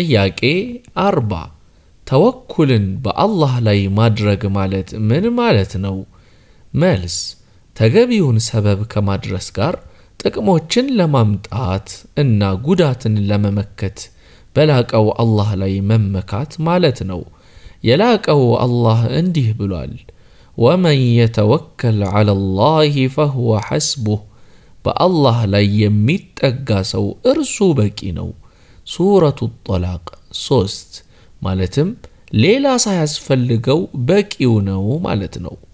ጥያቄ አርባ ተወኩልን በአላህ ላይ ማድረግ ማለት ምን ማለት ነው? መልስ ተገቢውን ሰበብ ከማድረስ ጋር ጥቅሞችን ለማምጣት እና ጉዳትን ለመመከት በላቀው አላህ ላይ መመካት ማለት ነው። የላቀው አላህ እንዲህ ብሏል፣ ወመን የተወከል ዐላ ላህ ፈሁወ ሐስቡህ፣ በአላህ ላይ የሚጠጋ ሰው እርሱ በቂ ነው። سورة الطلاق سوست مالتم ليلة سايز فلقو بك يونو مالتنو